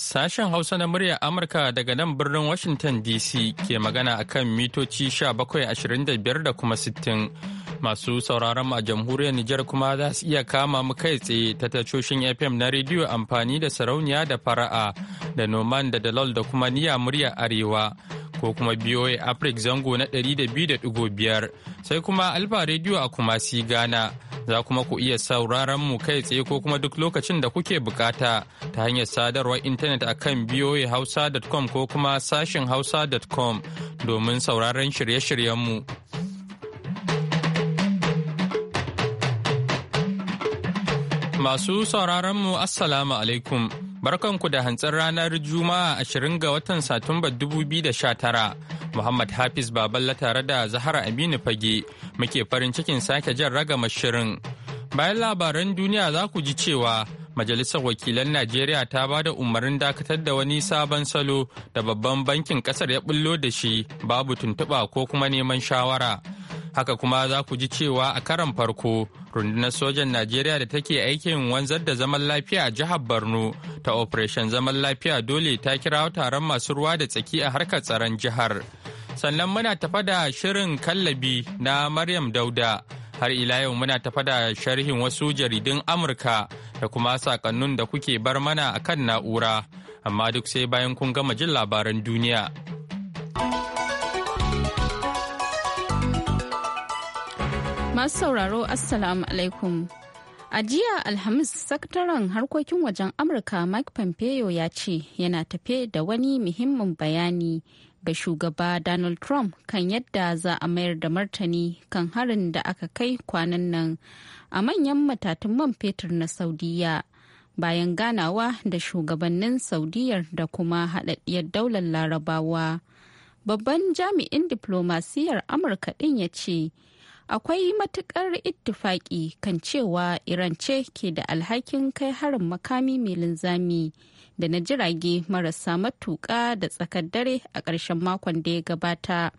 Sashen Hausa na muryar Amurka daga nan birnin Washington DC ke magana a kan mitoci 1725 da kuma 60. Masu sauraron mu a jamhuriyar Nijar kuma za su iya kama mu kai tsaye ta tashoshin FM na rediyo amfani da sarauniya da fara'a da noman da dalol da kuma niya muryar Arewa. ko kuma BOA Africa zango na 200.5 sai kuma Alfa Radio a Kumasi Ghana. Za kuma ku iya sauraron mu kai tsaye ko kuma duk lokacin da kuke bukata ta hanyar sadarwar intanet a kan boahausa.com ko kuma sashin hausa.com domin sauraron shirye-shiryenmu. Masu sauraronmu Assalamu alaikum. Barkanku da hantsar ranar Juma'a ashirin ga watan Satumba biyu tara, Muhammad Hafiz Baballa tare da Zahara Aminu Fage muke farin cikin sake jan ragama shirin. Bayan labaran duniya za ku ji cewa Majalisar Wakilan Najeriya ta ba da umarnin dakatar da wani sabon salo da babban bankin kasar ya bullo da shi babu tuntuɓa ko kuma neman shawara. haka kuma za ku ji cewa a karan farko rundunar sojan najeriya da take aikin wanzar da zaman lafiya a jihar borno ta operation zaman lafiya dole ta kira taron masu ruwa da tsaki a harkar tsaron jihar sannan muna tafa da shirin kallabi na maryam dauda har ila yau muna tafa da sharhin wasu jaridun amurka da kuma sakannun da kuke bar mana akan na'ura amma duk sai bayan kun gama jin labaran duniya. Masu sauraro Assalamu alaikum. A jiya Alhamis sakataren harkokin wajen Amurka Mike Pompeo ya ce yana tafe da wani muhimmin bayani ga shugaba Donald Trump kan yadda za a mayar da martani kan harin da aka kai kwanan nan a manyan matatun man fetur na Saudiya bayan ganawa da shugabannin Saudiyar da kuma haɗaɗɗiyar daular larabawa. Babban jami'in diplomasiyar Amurka ɗin ya ce. akwai matukar ittifaki kan cewa iran ce ke da alhakin kai harin makami mai linzami da na jirage marasa matuƙa da tsakar dare a ƙarshen makon da ya gabata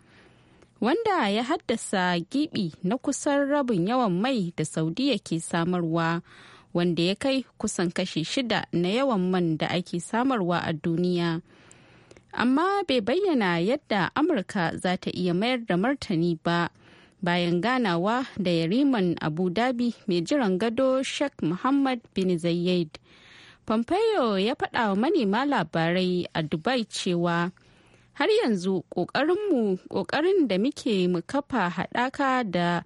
wanda ya haddasa gibi na kusan rabin yawan mai da saudiya ke samarwa wanda ya kai kusan kashi shida na yawan man da ake samarwa a duniya amma bai bayyana yadda amurka za ta iya mayar da martani ba bayan ganawa da yariman abu dhabi mai jiran gado sheikh muhammad bin zayed pompeo ya faɗa wa manema labarai a dubai cewa har yanzu ƙoƙarin da muke mu kafa haɗaka da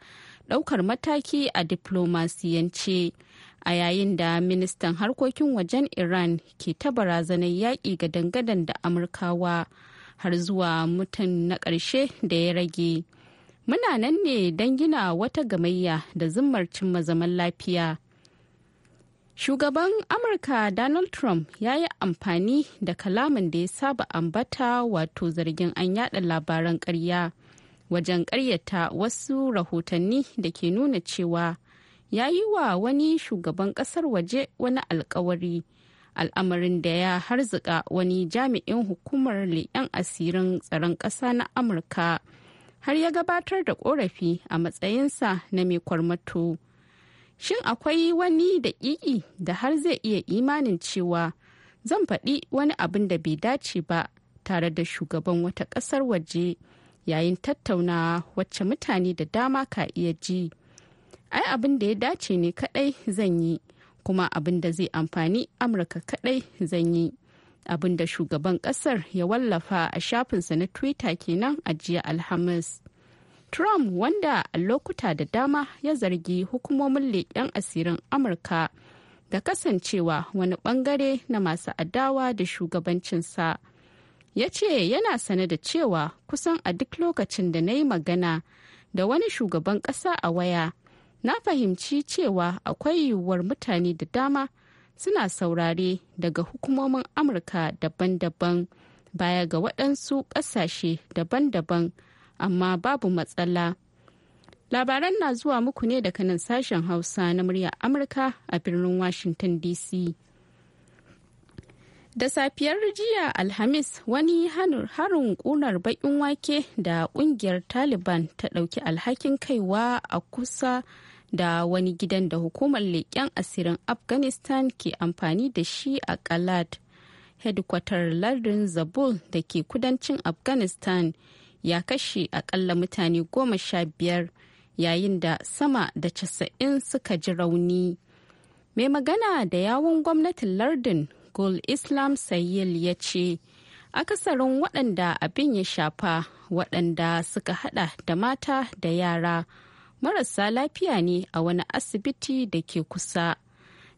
ɗaukar mataki a diplomasiyance a yayin da ministan harkokin wajen iran ke ta barazanar yaƙi ga dangadan da amurkawa har zuwa mutum na ƙarshe da ya rage muna nan ne don gina wata gamayya da zimmar cimma zaman lafiya shugaban amurka donald trump ya yi amfani da kalamin da ya saba ambata wato zargin an yada labaran karya wajen karyata wasu rahotanni da ke nuna cewa ya yi wa wani shugaban kasar waje wani alkawari al'amarin da ya harzuka wani jami'in hukumar leƙen asirin tsaron ƙasa na amurka har ya gabatar da korafi a matsayinsa na mai kwarmato shin akwai wani da da har zai iya imanin cewa zan faɗi wani abin da bai dace ba tare da shugaban wata ƙasar waje yayin tattaunawa wacce mutane da dama ka iya ji ai abin da ya dace ne kaɗai zan yi kuma abin da zai amfani amurka kaɗai zan yi abin da shugaban kasar ya wallafa a shafinsa na twitter kenan a jiya alhamis trump wanda a lokuta da dama ya zargi hukumomin leƙen asirin amurka da kasancewa wani bangare na masu adawa da shugabancinsa ya ce yana sane da cewa kusan a duk lokacin da na yi magana da wani shugaban ƙasa a waya na fahimci cewa akwai yiwuwar mutane da dama suna saurare daga hukumomin amurka daban-daban baya ga waɗansu ƙasashe daban-daban amma babu matsala labaran na zuwa muku ne daga nan sashen hausa na murya amurka a birnin washington dc da safiyar jiya alhamis wani harin kunar bakin wake da kungiyar taliban ta ɗauki alhakin kaiwa a kusa da wani gidan da hukumar leƙen asirin afghanistan ke amfani da shi a kalad hedkwatar lardin zabul da ke kudancin afghanistan ya kashe akalla mutane goma sha biyar yayin da sama da casa'in suka ji rauni mai magana da yawon gwamnatin lardin gul islam sayil ya ce akasarin waɗanda abin ya shafa waɗanda suka hada da mata da yara marasa lafiya ne a wani asibiti da ke kusa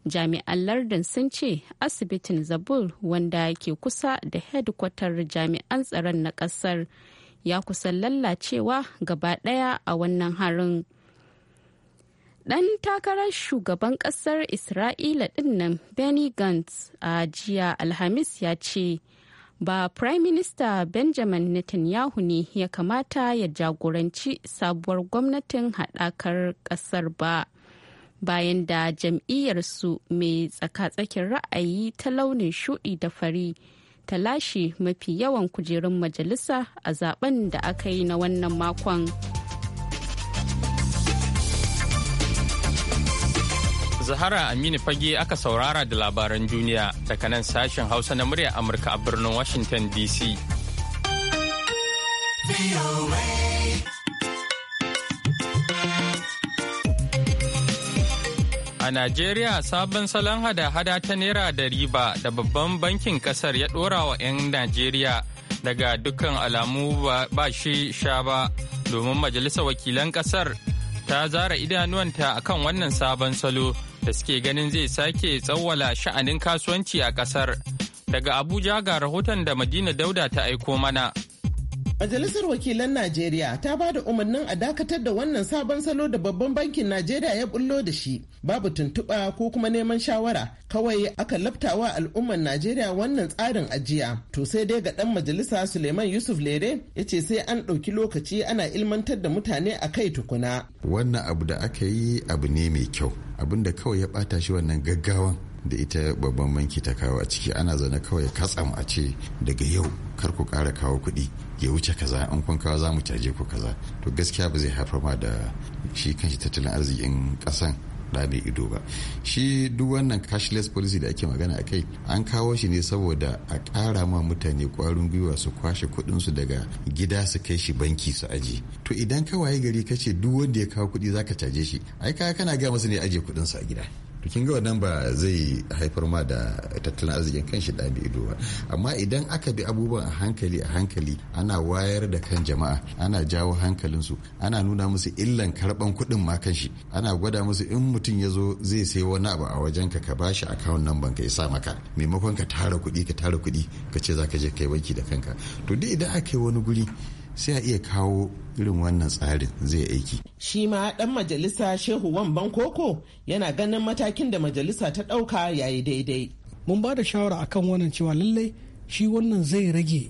jami'an lardin sun ce asibitin zabul wanda ke kusa da hedkwatar jami'an tsaron na kasar ya kusan lallacewa gaba daya a wannan harin dan takarar shugaban kasar isra'ila dinnan benny gantz a jiya alhamis ya ce ba Prime Minister Benjamin Netanyahu ne ya kamata ya jagoranci sabuwar gwamnatin haɗakar ƙasar ba. Bayan da jam'iyyarsu mai tsaka-tsakin ra'ayi ta launin shuɗi da fari ta lashe mafi yawan kujerun majalisa a zaben da aka yi na wannan makon. Zahara Aminu Fage aka saurara da labaran duniya daga nan sashen Hausa na murya Amurka a birnin Washington DC. A Najeriya sabon salon hada-hada ta Naira da riba da babban bankin kasar ya ɗora wa 'yan Najeriya daga dukkan alamu ba shi sha ba domin majalisa wakilan kasar ta zara idanuwanta akan wannan sabon salo da suke ganin zai sake tsawwala sha'anin kasuwanci a kasar. Daga Abuja ga rahoton da Madina Dauda ta aiko mana. Majalisar Wakilan Najeriya ta ba da umarnin a dakatar da wannan sabon salo da babban bankin Najeriya ya bullo da shi babu tuntuɓa ko kuma neman shawara kawai aka laftawa al'ummar Najeriya wannan tsarin ajiya. To sai dai ga ɗan majalisa Suleiman Yusuf Lere ya ce sai an ɗauki lokaci ana ilmantar da mutane a kai tukuna. Wannan abu da aka yi abu ne mai kyau abin da kawai ya ɓata shi wannan gaggawan da ita babban banki ta kawo a ciki ana zane kawai katsam a ce daga yau kar ku kara kawo kuɗi ya wuce kaza an kun kawo za mu caje ku kaza to gaskiya ba zai haifar ma da shi kanshi tattalin arzikin ƙasan da bai ido ba shi duk wannan cashless policy da ake magana a kai an kawo shi ne saboda a ƙara ma mutane ƙwarin gwiwa su kwashe kuɗinsu daga gida su kai shi banki su aje to idan ka waye gari ka ce duk wanda ya kawo kuɗi zaka caje shi ai ka kana ga masu ne aje su a gida kin ga wannan ba zai haifar ma da tattalin arzikin kan shi dami ido ba amma idan aka bi abubuwan a hankali a hankali ana wayar da kan jama'a ana jawo hankalinsu ana nuna musu illan karban kuɗin ma kan shi ana gwada musu in mutum ya zo zai sai wani abu a wajen ka ka bashi akawun nan ka ya sa maka maimakon ka tara kuɗi ka tara kuɗi ka ce za ka je kai wanki da kanka to duk idan aka yi wani guri sai a iya kawo irin wannan tsarin zai aiki. Shi ma ɗan majalisa Shehu Wamban Koko yana ganin matakin da majalisa ta ɗauka yayi daidai. Mun ba da shawara akan wannan cewa lallai shi wannan zai rage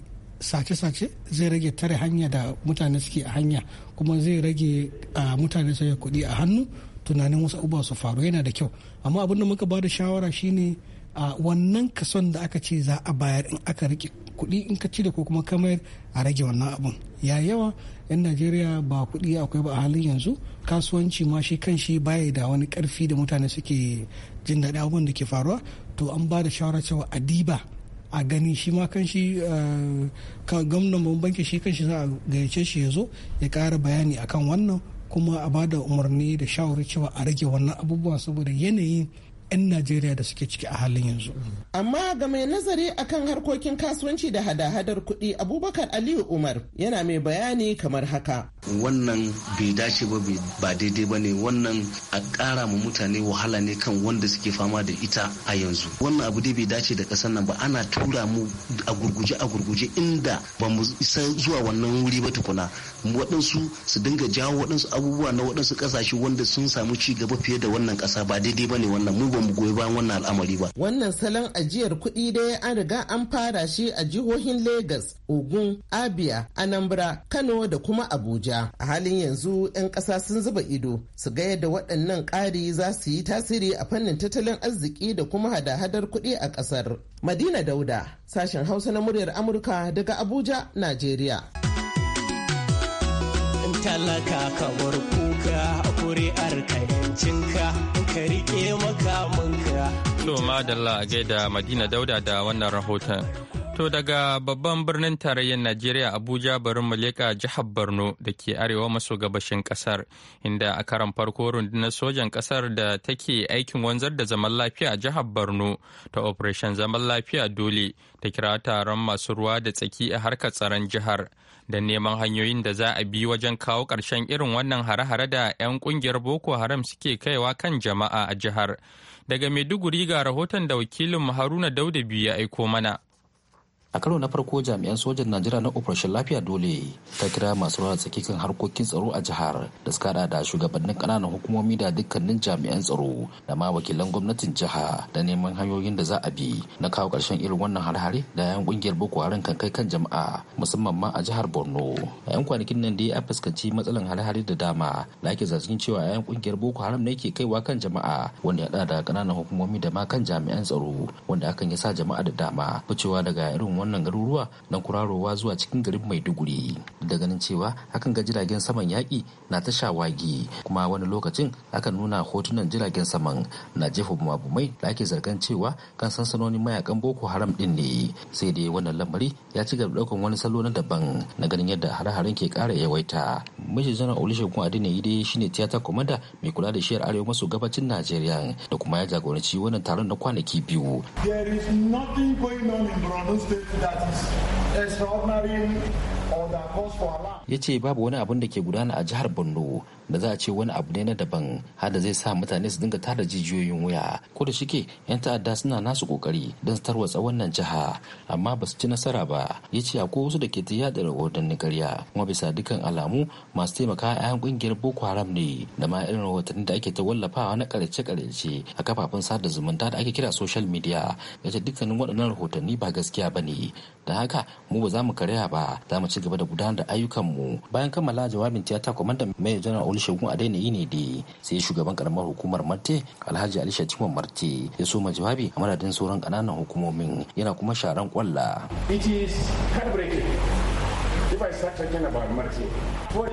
sace-sace zai rage tare hanya da mutane suke a hanya kuma zai rage mutane sai kuɗi a hannu tunanin wasu abubuwa su faru yana da kyau amma abin da muka ba da shawara shine a wannan kason da aka ce za a bayar in aka rike kuɗi in ka ci da ko kuma kamar a rage wannan abun ya yawa yan najeriya ba kuɗi akwai ba a halin yanzu kasuwanci ma shi kan shi baya da wani karfi da mutane suke jin daɗin abubuwan da ke faruwa to an ba da shawara cewa a diba a gani shi ma kan shi eh, gwamnan banki shi kan shi za a gayyace shi ya zo ya ƙara bayani akan wannan kuma a ba da umarni da shawarar cewa a rage wannan abubuwa saboda yanayin 'yan najeriya da suke ciki a halin yanzu amma ga mai nazari akan harkokin kasuwanci da hada-hadar kuɗi abubakar aliyu umar yana mai bayani kamar haka wannan bai dace ba ba daidai ba ne wannan a ƙara ma mutane wahala ne kan wanda suke fama da ita a yanzu wannan abu dai bai dace da ƙasar nan ba ana tura mu a gurguje a gurguje inda ba mu isa zuwa wannan wuri ba tukuna waɗansu su dinga jawo waɗansu abubuwa na waɗansu ƙasashe wanda sun samu ci gaba fiye da wannan ƙasa ba daidai ba ne wannan mu ba mu goyi bayan wannan al'amari ba. Wannan salon ajiyar kuɗi dai an riga an fara shi a jihohin Legas, Ogun, Abia, Anambra, Kano da kuma Abuja. A halin yanzu 'yan ƙasa sun zuba ido su ga yadda waɗannan ƙari za su yi tasiri a fannin tattalin arziki da kuma hada-hadar kuɗi a ƙasar. Madina Dauda, sashen Hausa na muryar Amurka daga Abuja, Najeriya. Talaka ka kuka a kuri'ar cinka. ka rike makamanka. To madalla a gaida Madina Dauda da wannan rahoton. To daga babban birnin tarayyar Najeriya Abuja bari mu leƙa jihar Borno da ke arewa maso gabashin ƙasar inda a karan farko rundunar sojan ƙasar da take aikin wanzar da zaman lafiya a jihar Borno ta Operation Zaman Lafiya Dole ta kira taron masu ruwa da tsaki a harkar tsaron jihar da neman hanyoyin da za a bi wajen kawo ƙarshen irin wannan hare-hare da 'yan ƙungiyar Boko Haram suke kaiwa kan jama'a a jihar. Daga Maiduguri ga rahoton da wakilin Haruna Dauda biyu ya aiko mana. a karo na farko jami'an sojan najeriya na operation lafiya dole ta kira masu ruwa tsaki kan harkokin tsaro a jihar da suka da shugabannin kananan hukumomi da dukkanin jami'an tsaro da ma wakilan gwamnatin jiha da neman hanyoyin da za a bi na kawo karshen irin wannan harhare da yan kungiyar boko haram kan kai kan jama'a musamman ma a jihar borno a yan kwanakin nan dai a fuskanci matsalan harhare da dama da ake zargin cewa yan kungiyar boko haram ne ke kaiwa kan jama'a wanda ya da kananan hukumomi da ma kan jami'an tsaro wanda hakan ya sa jama'a da dama ficewa daga irin wannan garuruwa don kurarowa zuwa cikin garin maiduguri da ganin cewa hakan ga jiragen saman yaƙi na ta shawagi kuma wani lokacin akan nuna hotunan jiragen saman na jefa bumabumai da ake zargan cewa kan sansanonin mayakan boko haram din ne sai dai wannan lamari ya ci gaba ɗaukan wani salo na daban na ganin yadda hare-haren ke ƙara yawaita mashi zana olusegun adeniyi dai shine tiyata komanda mai kula da shiyar arewa maso gabacin najeriya da kuma ya jagoranci wannan taron na kwanaki biyu Ya ce babu wani abin da ke gudana a jihar Borno da za a ce wani abu ne na daban har da zai sa mutane su dinga tara jijiyoyin wuya ko da shike yan ta'adda suna nasu kokari don su tarwatsa wannan jiha amma ba su ci nasara ba ya ce akwai wasu da ke ta yada rahotanni karya kuma bisa dukkan alamu masu taimaka yan kungiyar boko haram ne da ma irin rahotanni da ake ta wallafawa na karace karace a kafafen sada zumunta da ake kira social media ya ce dukkanin waɗannan rahotanni ba gaskiya ba ne da haka mu ba za mu karya ba za mu ci gaba da gudanar da ayyukanmu bayan kammala jawabin tiyata kwamandan mai janar wani shagun a daina yi ne da sai shugaban karamar hukumar marte alhaji ali shatima marte ya so ma jawabi a madadin sauran kananan hukumomin yana kuma sharan kwalla it is heartbreaking if i start talking about marte for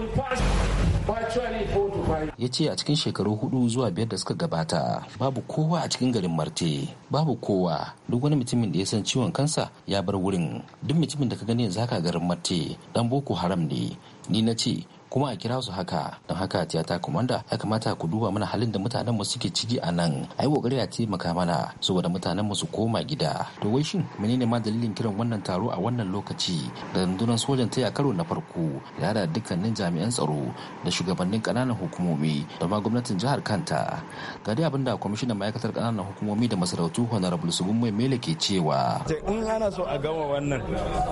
ya ce a cikin shekaru hudu zuwa biyar da suka gabata babu kowa a cikin garin marte babu kowa duk wani mutumin da ya san ciwon kansa ya bar wurin duk mutumin da ka gani zaka garin marte dan boko haram ne ni na ce kuma a kira su haka don haka tiyata komanda ya kamata ku duba mana halin da mutanen mu suke ciki a nan yi kokari a taimaka mana saboda mutanen mu su koma gida to wai shin menene ma dalilin kiran wannan taro a wannan lokaci da rundunar sojan ta karo na farko ya da dukkanin jami'an tsaro da shugabannin kananan hukumomi da ma gwamnatin jihar kanta ga dai abinda kwamishinan ma'aikatar kananan hukumomi da masarautu honorable sugun mai mele ke cewa in ana so a gama wannan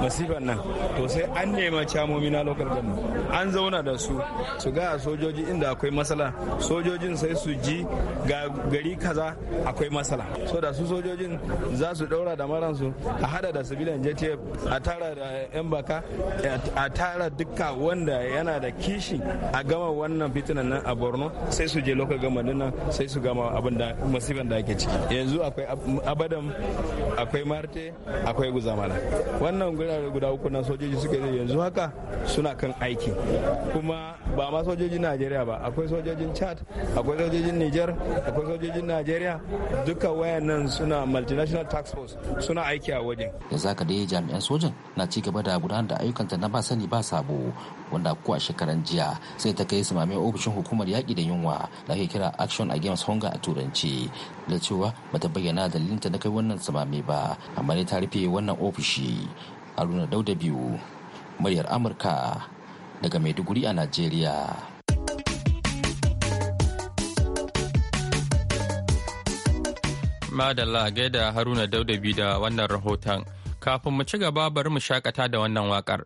masifan nan to sai an nema camomi na lokacin an zauna da su su ga sojoji inda akwai matsala sojojin sai su ji ga gari kaza akwai matsala so da su sojojin za su daura da maransu a hada da sabilan jtf a tara da yan baka a tara dukka wanda yana da kishi a gama wannan fitinan nan a borno sai su je local government nan sai su gama abin da masifan da ake ciki yanzu akwai abadan akwai marte akwai guzamala wannan guda uku na sojoji suke yanzu haka suna kan aiki kuma ba ma sojojin najeriya ba akwai sojojin chad akwai sojojin niger akwai sojojin najeriya duka wayannan suna multinational tax force suna aiki a wajen yanzu zaka dai jami'an sojan na ci gaba da gudanar da ayyukanta na ba sani ba sabo wanda ko a shekaran jiya sai ta kai samamin ofishin hukumar yaƙi da yunwa da ake kira action against hunger a turanci da cewa bata bayyana dalilinta na kai wannan samame ba amma ne ta rufe wannan ofishi haruna dauda biyu muryar amurka daga Maiduguri a Najeriya. Madalla gaida Haruna Daudabi da wannan rahoton. Kafin mu ci gaba bari mu shakata da wannan wakar.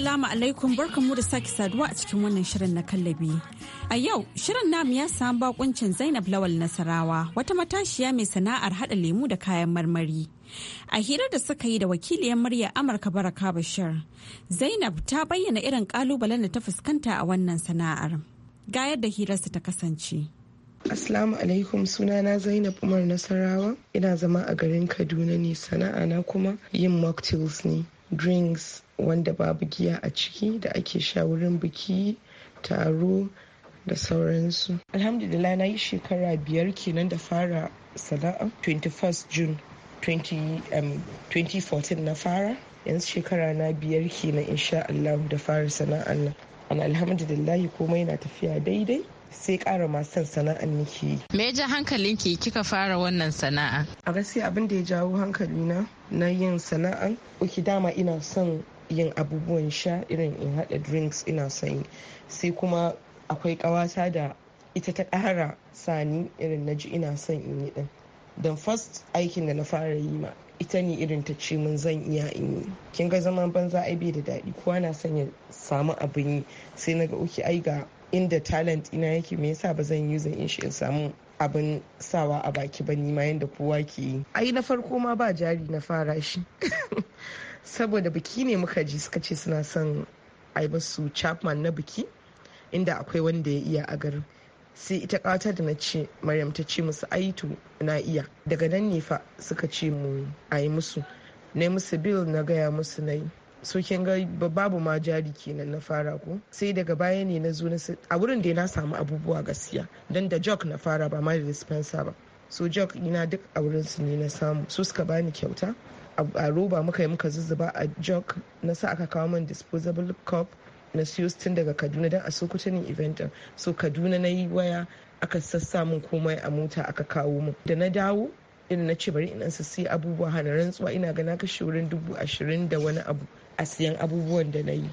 Assalamu alaikum barkanmu da sake saduwa a cikin wannan shirin na kallabi. A yau shirin namu ya samu bakuncin Zainab Lawal Nasarawa wata matashiya mai sana'ar hada lemu da kayan marmari. A hirar da suka yi da wakiliyar murya Amurka Baraka Bashir, Zainab ta bayyana irin kalubalen da ta fuskanta a wannan sana'ar. Ga yadda hirarsa ta kasance. Assalamu alaikum sunana Zainab Umar Nasarawa ina zama a garin Kaduna ne sana'a na kuma yin mocktails ne. drinks wanda babu giya a ciki da ake sha wurin biki taro da sauransu alhamdulillah na yi shekara biyar kenan da fara sana'a 21st june 2014 um, na fara yanzu shekara na biyar kenan insha allahu da fara sana'an nan alhamdulillah komai na tafiya daidai sai ƙara masu sana'ar nake yi. Me ya ja ki kika fara wannan sana'a? A gaskiya abin da ya jawo hankali na na yin sana'a uki dama ina son yin abubuwan sha irin in haɗa drinks ina son yi sai kuma akwai ƙawata da ita ta ƙara sani irin na ji ina son in yi ɗin. Don first aikin da na fara yi ma ita ne irin ta ce mun zan iya in yi kin ga zaman banza ai bai da daɗi kowa na son ya samu abin yi sai na ga uki ai ga inda talent ina yake me yasa ba zan zan in shi in samu abin sawa a baki ba nima yadda kowa ke yi ai na farko ma ba jari na fara shi saboda biki ne muka ji suka ce suna son ai su chapman na biki inda akwai wanda ya iya a garin sai ita kawatar da na ce maryam ta ce musu aitu na iya daga nan ne fa suka ce mu a yi musu na yi musu bil na gaya musu na yi so kin ga babu ma jari kenan na fara ko sai daga baya ne na zo na a wurin da na samu abubuwa gaskiya dan da jug na fara ba ma da dispenser ba so jock ina duk a wurin su ne na samu su suka bani kyauta a roba muka yi muka zuzzuba a jog na sa aka kawo min disposable cup na siyo tun daga kaduna dan a sokoto ne eventin so kaduna na yi waya aka sassa min komai a mota aka kawo min da na dawo ina na ce bari in an sai abubuwa hana rantsuwa ina ga na kashe wurin dubu ashirin da wani abu a siyan abubuwan da na yi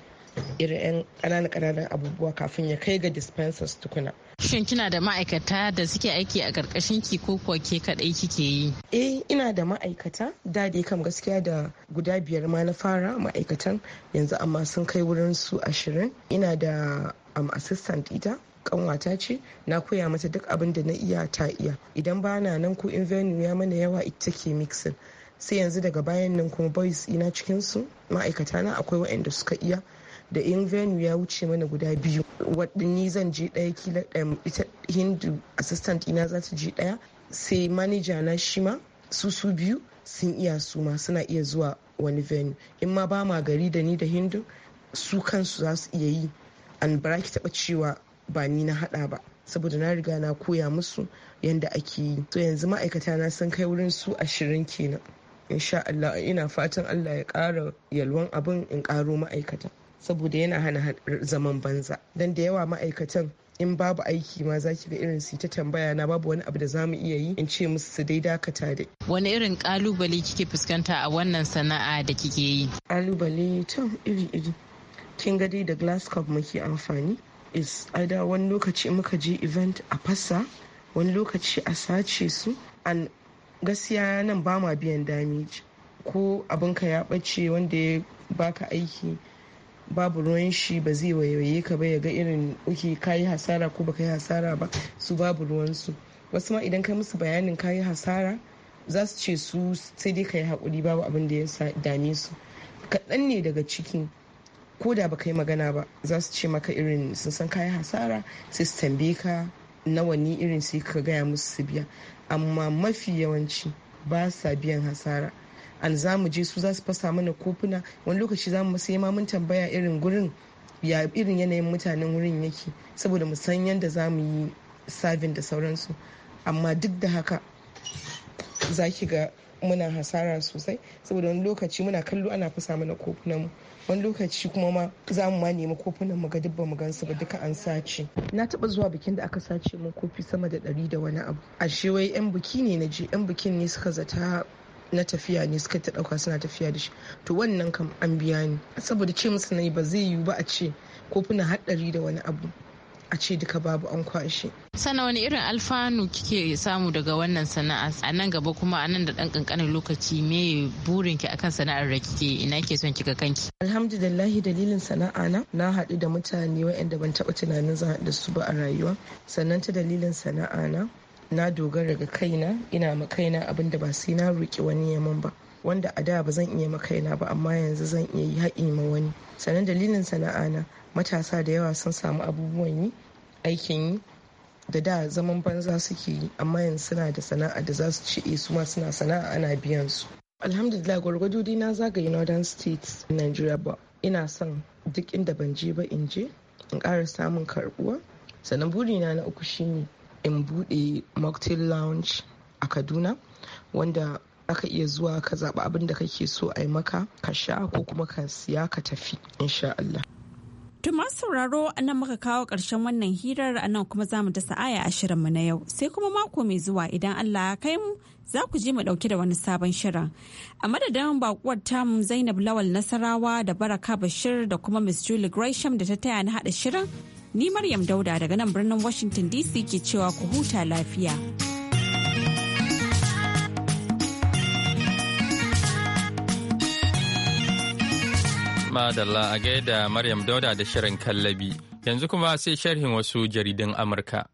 irin 'yan kananan kananan abubuwa kafin ya kai ga dispensers tukuna. Shin kina da ma'aikata da suke aiki a ƙarƙashin ki ko kuwa ke kaɗai kike yi? Eh ina da ma'aikata da dai kam gaskiya da guda biyar ma na fara ma'aikatan yanzu amma sun kai wurin su ashirin. Ina da am um, assistant ita kanwata ce na koya mata duk abin da na iya ta iya idan ba na nan ko in venue ya mana yawa ita ke mixing sai yanzu daga bayan nan kuma boys ina cikinsu ma'aikata na akwai waɗanda suka iya da in venue ya wuce mana guda biyu waɗanni zan je ɗaya kila ita hindu assistant ina za ta je ɗaya sai manaja na shi ma su su biyu sun iya su ma suna iya zuwa wani venue in ma ba ma gari da ni da hindu su kansu za su iya yi an baraki ki taɓa cewa ba ni na haɗa ba saboda na riga na koya musu yanda ake yi to yanzu ma'aikata na sun kai wurin su ashirin kenan insha Allah ina fatan Allah ya ƙara yalwan abin in ƙaro ma'aikata saboda yana hana zaman banza don da yawa ma'aikatan in babu aiki ma za ki ga irin su ta tambaya na babu wani abu da za mu iya yi in ce musu su dai dakata dai. Wani irin kalubale kike fuskanta a wannan sana'a da kike yi? Kalubale to iri-iri. Kin ga dai da glass cup muke amfani. Is ada wani lokaci muka je event a fasa, wani lokaci a sace su, an gaskiya nan ba ma biyan damage ko abinka ya ɓace wanda ya baka aiki babu ruwan shi ba zai wayoye ka ba ya ga irin uke kayi hasara ko baka yi hasara ba su babu ruwansu wasu ma idan ka musu bayanin kayi hasara za su ce su sai dai ka yi haƙuri babu abin da ya dame su kaɗan ne daga ciki ko da baka yi magana ba za su ce maka irin sun san kayi hasara sai su tambaye ka nawa ne irin sai ka gaya musu su biya amma mafi yawanci ba sa biyan hasara an za mu je su za su fasa mana kofuna wani lokaci za mu sai mun tambaya irin gurin ya irin yanayin mutanen wurin yake saboda mu san yadda za mu yi sabin da sauransu amma duk da haka za ki ga muna hasara sosai saboda wani lokaci muna kallo ana fasa mana kofunan mu wani lokaci kuma ma za mu ma nemi kofunan mu ga dubba mu gansu ba duka an sace na taba zuwa bikin da aka sace mun kofi sama da ɗari da wani abu A wai yan biki ne na je yan bikin ne suka zata na tafiya ne suka ta dauka suna tafiya da shi to wannan kam an biya ni saboda ce musu yi ba zai yiwu ba a ce kofuna har ɗari da wani abu a ce duka babu an kwashe sana wani irin alfanu kike samu daga wannan sana'a a nan gaba kuma a nan da ɗan kankanin lokaci me ki akan sana'ar da kike ina ke son kika kanki alhamdulillahi dalilin sana'a na na haɗu da mutane waɗanda ban taɓa tunanin zan haɗu su ba a rayuwa sannan ta dalilin sana'a na na dogara ga kaina ina ma kaina abin da ba sai na roƙi wani yaman ba wanda a da ba zan iya makaina ba amma yanzu zan iya yi haƙi ma wani sannan dalilin sana'a na matasa da yawa sun samu abubuwan yi aikin yi da da zaman banza suke yi amma yanzu suna da sana'a da za su ci eh, su ma suna sana'a ana biyan su alhamdulillah gwargwado dai na zagaye northern states nigeria ba ina son duk inda ban je ba in je in ƙara samun karbuwa sannan burina na uku shine in buɗe mocktail lounge a kaduna wanda aka iya zuwa ka zaɓi abin da kake so a yi maka ka sha ko kuma ka siya ka tafi insha Allah. Tuma sauraro a nan muka kawo ƙarshen wannan hirar a nan kuma za mu dasa aya a mu na yau sai kuma mako mai zuwa idan Allah ya kai mu za ku je mu ɗauki da wani sabon shirin. A madadin bakuwar tamu Zainab Lawal Nasarawa da Baraka Bashir da kuma Miss Julie Gresham da ta taya na haɗa shirin, ni Maryam Dauda daga nan birnin Washington DC ke cewa ku huta lafiya. Madalla a da Maryam Dauda da Shirin Kallabi. Yanzu kuma sai sharhin wasu jaridun Amurka.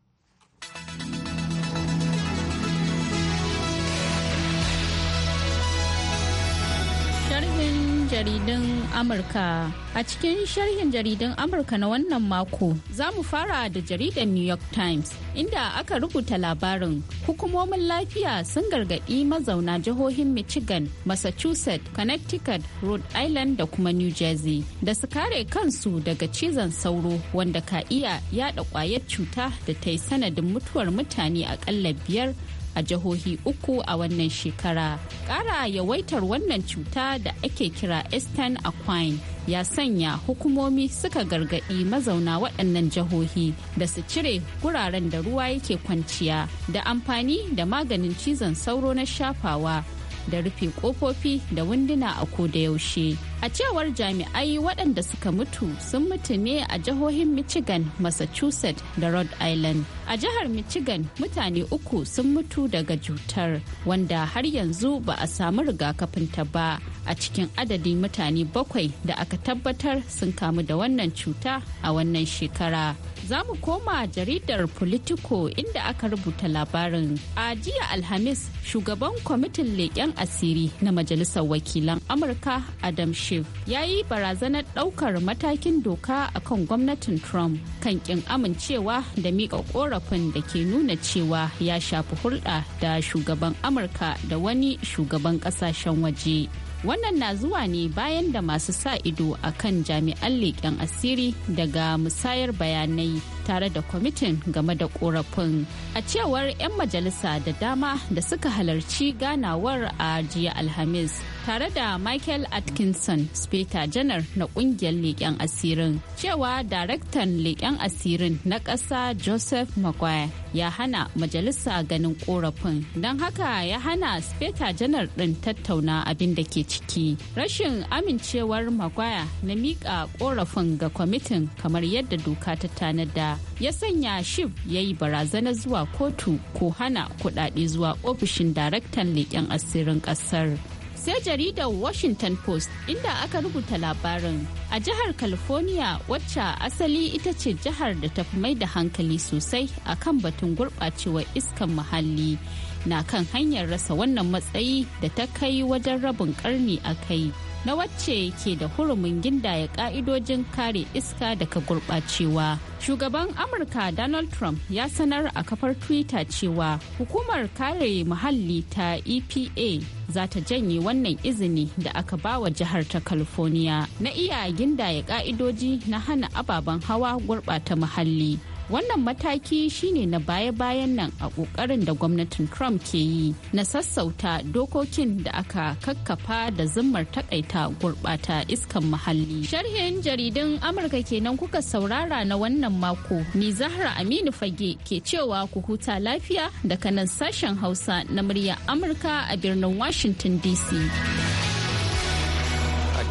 jaridun Amurka. A cikin sharhin jaridun Amurka na wannan mako, za mu fara da jaridar New York Times, inda aka rubuta labarin hukumomin lafiya sun gargaɗi mazauna jihohin Michigan, Massachusetts, Connecticut, Rhode Island da kuma New Jersey da su kare kansu daga cizon sauro wanda ka iya yada kwayar cuta da ta yi sanadin mutuwar mutane aƙalla biyar a jihohi uku a wannan shekara. Ƙara yawaitar wannan cuta da ake kira Eastern Aquine ya sanya hukumomi suka gargaɗi mazauna waɗannan jihohi da su cire guraren da ruwa yake kwanciya da amfani da maganin cizon sauro na shafawa da rufe kofofi da wunduna a ko da yaushe. A cewar jami'ai waɗanda suka mutu sun mutu ne a jihohin Michigan, Massachusetts da Rhode Island. A jihar Michigan mutane uku sun mutu daga cutar wanda har yanzu ba a samu rigakafinta ba a cikin adadin mutane bakwai da aka tabbatar sun kamu da wannan cuta a wannan shekara. za mu koma jaridar Politico inda aka rubuta labarin. A jiya Alhamis, shugaban kwamitin leƙen asiri na Majalisar Wakilan Amurka Adam Schiff ya yi barazanar ɗaukar matakin doka akan gwamnatin Trump kan ƙin amincewa da miƙa ƙorafin da ke nuna cewa ya shafi hulɗa da shugaban Amurka da wani shugaban ƙasashen waje. Wannan na zuwa ne bayan da masu sa ido a kan jami'an leƙen asiri daga musayar bayanai tare da kwamitin game da korafin a cewar 'yan majalisa da dama da suka halarci ganawar a jiya alhamis tare da michael atkinson speta janar na kungiyar leƙen asirin cewa daraktan leƙen asirin na ƙasa joseph maguire ya hana majalisa ganin korafin don haka ya hana speaker janar ɗin tattauna abin da ke ciki rashin amincewar maguire na miƙa korafin ga kwamitin kamar yadda doka ta tanada ya sanya shif ya yi barazana zuwa kotu ko hana kuɗaɗe zuwa ofishin daraktan leƙen asirin ƙasar. sai jaridar washington post inda aka rubuta labarin a jihar california wacce asali ita ce jihar da ta mai da hankali sosai a kan batun gurɓacewar iskan muhalli na kan hanyar rasa wannan matsayi da ta kai wajen rabin ƙarni a kai na wacce ke da hurumin gindaya ka'idojin kare iska daga gurɓacewa. Shugaban Amurka Donald Trump ya sanar a kafar Twitter cewa hukumar kare muhalli ta EPA za ta janye wannan izini da aka ba wa jihar ta California na iya gindaya ka'idoji na hana ababen hawa gurɓata muhalli. wannan mataki shine na baya-bayan nan a kokarin da gwamnatin trump ke yi na sassauta dokokin da aka kakkafa da zimmar takaita gurɓata iskan muhalli sharhin jaridun amurka kenan kuka saurara na wannan mako ni zahra aminu fage ke cewa ku huta lafiya daga nan sashen hausa na murya amurka a birnin washington dc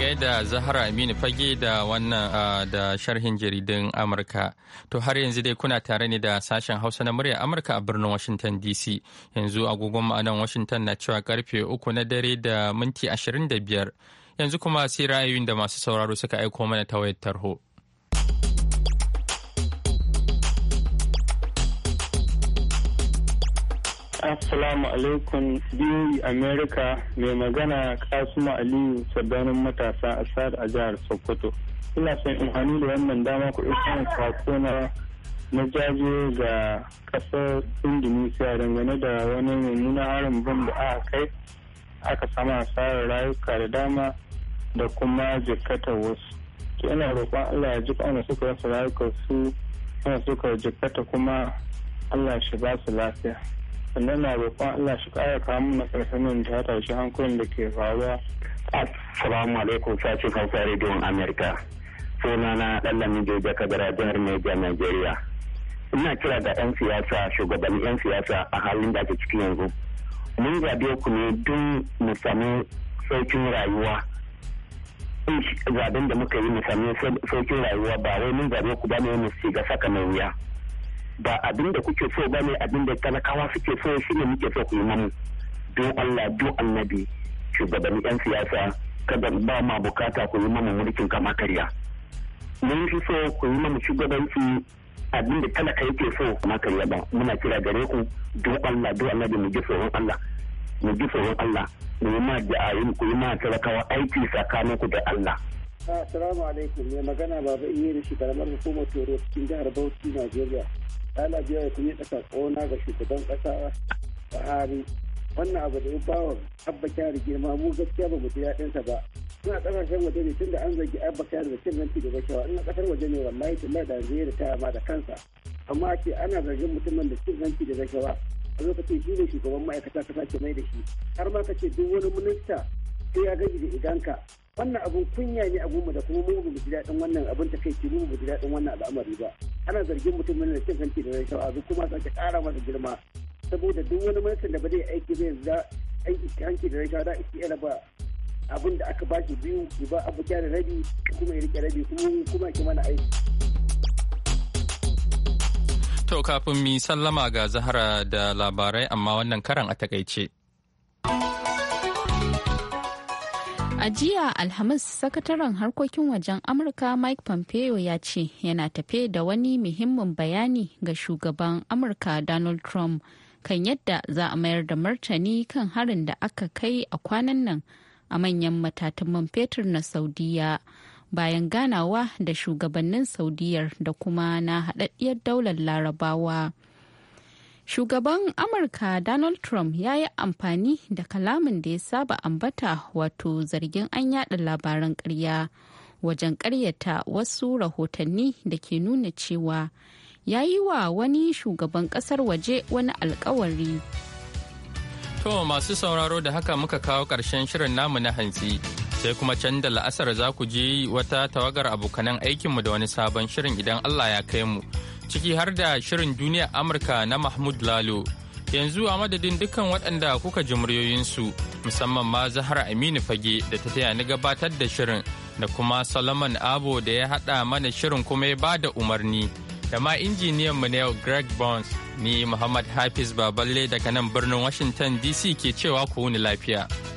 gaida Zahra Aminu fage da wannan da sharhin jaridun Amurka. To har yanzu dai kuna tare ne da sashen Hausa na murya Amurka a birnin Washington DC. Yanzu agogon ma'anan Washington na cewa karfe uku na dare da minti 25. Yanzu kuma sai ra'ayoyin da masu sauraro suka aiko mana ta wayar tarho. Assalamu alaikum biyu Amerika mai magana Kasuma Aliyu sabanin matasa Asad a jihar Sokoto. Ina son in hannu da wannan dama ku isa sako na na jaje ga kasar Indonesia dangane da wani mummunan harin bom da aka kai aka sama asarar rayuka da dama da kuma jikkata wasu. To ina roƙon Allah ya ji ƙauna suka rasa rayukansu kuma suka jikkata kuma Allah shi ba su lafiya. sannan na roƙon Allah shi ƙara kawo mana ƙarshen nan ta tashi hankulin da ke faruwa. Assalamu alaikum sashen Hausa Rediyon Amerika. Sunana da Jojo Kadara jihar Niger Nigeria. Ina kira da 'yan siyasa shugabannin 'yan siyasa a halin da ake ciki yanzu. Mun zaɓe ku ne don mu sami saukin rayuwa. Zaben da muka yi mu sami saukin rayuwa ba wai mun zaɓe ku ba ne mu shiga saka mai wuya. ba abin da kuke so ba ne abin da talakawa suke so shi ne muke so kuma mu do Allah do annabi shugabanni yan siyasa kada ba ma bukata ku yi mana mulkin kama karya mun fi so ku yi mana shugabanci abin da talaka yake so kama karya ba muna kira gare ku do Allah do annabi mu ji tsoron Allah mu ji tsoron Allah mu yi ma da'ayin ku yi ma talakawa aiki tsakaninku da Allah Assalamu alaikum mai magana baba iya da shi karamar hukumar Toro cikin jihar Bauchi Najeriya. ala biya ta ƙasa ƙona ga shugaban ƙasa Buhari wannan abu da ya bawa abba kyari girma mu gaskiya ba mu ji sa ba suna ƙasashen waje ne tunda an zargi abba kyari da cin hanci da In ina ƙasar waje ne wallahi tunda da zai da taya ma da kansa amma ce ana zargin mutumin da cin hanci da gashawa a lokacin shi ne shugaban ma'aikata ka sake mai da shi har ma ka ce duk wani minista sai ya gaji da idanka wannan abun kunya ne abun da kuma mu bamu ji daɗin wannan abun ta kai mu ji daɗin wannan al'amari ba ana zargin mutum ne da cin hanci da rashin azu kuma sake ƙara masa girma saboda duk wani mutum da ba zai aiki zai za aiki hanci da rashin da ake ba abun da aka baki biyu ki ba abu da rabi kuma ya rike rabi kuma kuma ki mana aiki To kafin mi sallama ga Zahara da labarai amma wannan karan a takaice. A jiya Alhamis sakataren harkokin wajen Amurka Mike Pompeo ya ce yana tafe da wani muhimmin bayani ga shugaban Amurka Donald Trump kan yadda za a mayar da martani kan harin da aka kai a kwanan nan a manyan matatan fetur na Saudiya bayan ganawa da shugabannin Saudiyar da kuma na haɗaɗɗiyar daular Larabawa. Shugaban Amurka Donald Trump ya yi amfani da kalamin da ya saba ambata wato zargin an yada labaran karya wajen karyata wasu rahotanni da ke nuna cewa ya yi wa wani shugaban kasar waje wani alkawari. To masu sauraro da haka muka kawo ƙarshen shirin namu na hantsi. Sai kuma can da la'asar za ku ji wata tawagar abokanan aikinmu da wani sabon shirin idan Allah ya kai mu. ciki har da shirin duniya Amurka na Mahmud Lalo. Yanzu a madadin dukkan waɗanda kuka ji muryoyinsu musamman ma Zahra Aminu Fage da ta taya ni gabatar da shirin da kuma Solomon Abo da ya haɗa mana shirin kuma ya bada umarni. Da ma injiniyan mu yau Greg Bons ni Muhammad Hafiz Baballe daga nan birnin Washington DC ke cewa ku wuni lafiya.